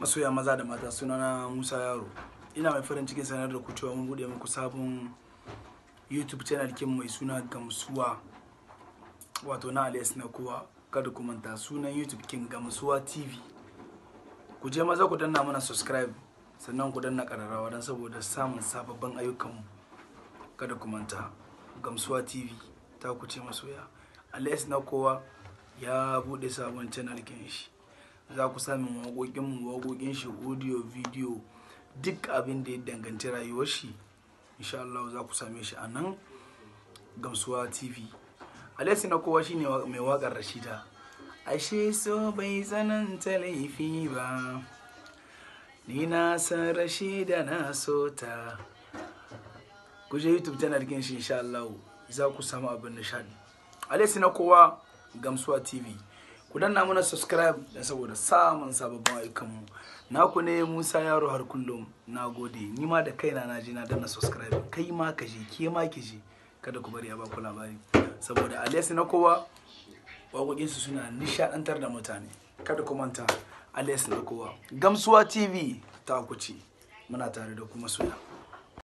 masoya maza da mata suna na musa yaro ina mai farin cikin sanar da ku cewa mun bude muku sabon youtube channel kin mai suna gamsuwa wato na alias na kowa kada ku manta sunan youtube kin gamsuwa tv ku je maza ku danna mana subscribe sannan ku danna kararrawa don saboda samun sababbin ayyukanmu kada ku manta gamsuwa tv ta ku ce masoya alias na kowa ya bude sabon channel kin shi za ku wakokin mu waƙoƙin shi audio video duk abin da ya danganci rayuwar shi insha Allah za ku same shi a nan gamsuwa tv alessi na kowa shine mai wakar rashida ashe so bai tsananta laifi ba ni na san rashida na so ta ku je youtube channel kin shi insha Allah za ku samu abin nishadi alessi na kowa gamsuwa tv ku danna mana subscribe don saboda samun sababbin ayyukanmu ku ne musa yaro har kullum na gode ni ma da kaina na je na danna subscribe kai ma ka je ke ma ki je kada ku bari a baku labari saboda alesi na kowa waƙoƙinsu suna nishadantar da mutane kada ku manta alesi na kowa gamsuwa tv ta kuce muna tare da kuma suna